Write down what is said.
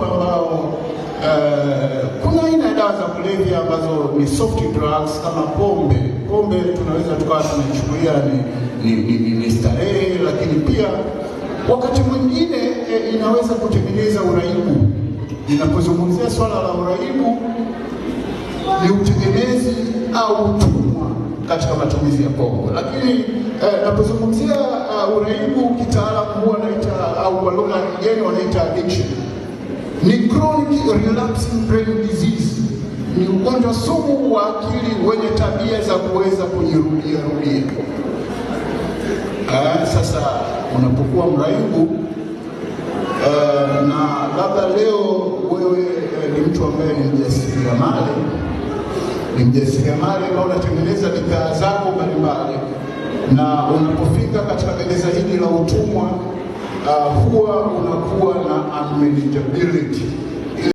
watu ambao uh, eh, kuna aina ya dawa za kulevya ambazo ni soft drugs kama pombe. Pombe tunaweza tukawa tunaichukulia ni, ni, ni, ni, ni starehe, lakini pia wakati mwingine e, inaweza kutengeneza uraibu. Ninapozungumzia swala la uraibu, ni utegemezi au utumwa katika matumizi ya pombe, lakini eh, napozungumzia eh, uh, uraibu kitaalamu huwa wanaita au kwa lugha ya kigeni wanaita addiction ni chronic relapsing brain disease, ni ugonjwa sugu wa akili wenye tabia za kuweza kujirudia rudia. Ah, sasa unapokuwa mraibu uh, na labda leo wewe uh, ni mtu ambaye ni mjasiriamali ni mjasiriamali na unatengeneza bidhaa zako mbalimbali, na unapofika katika gereza hili la utumwa uh, huwa unakuwa na amenability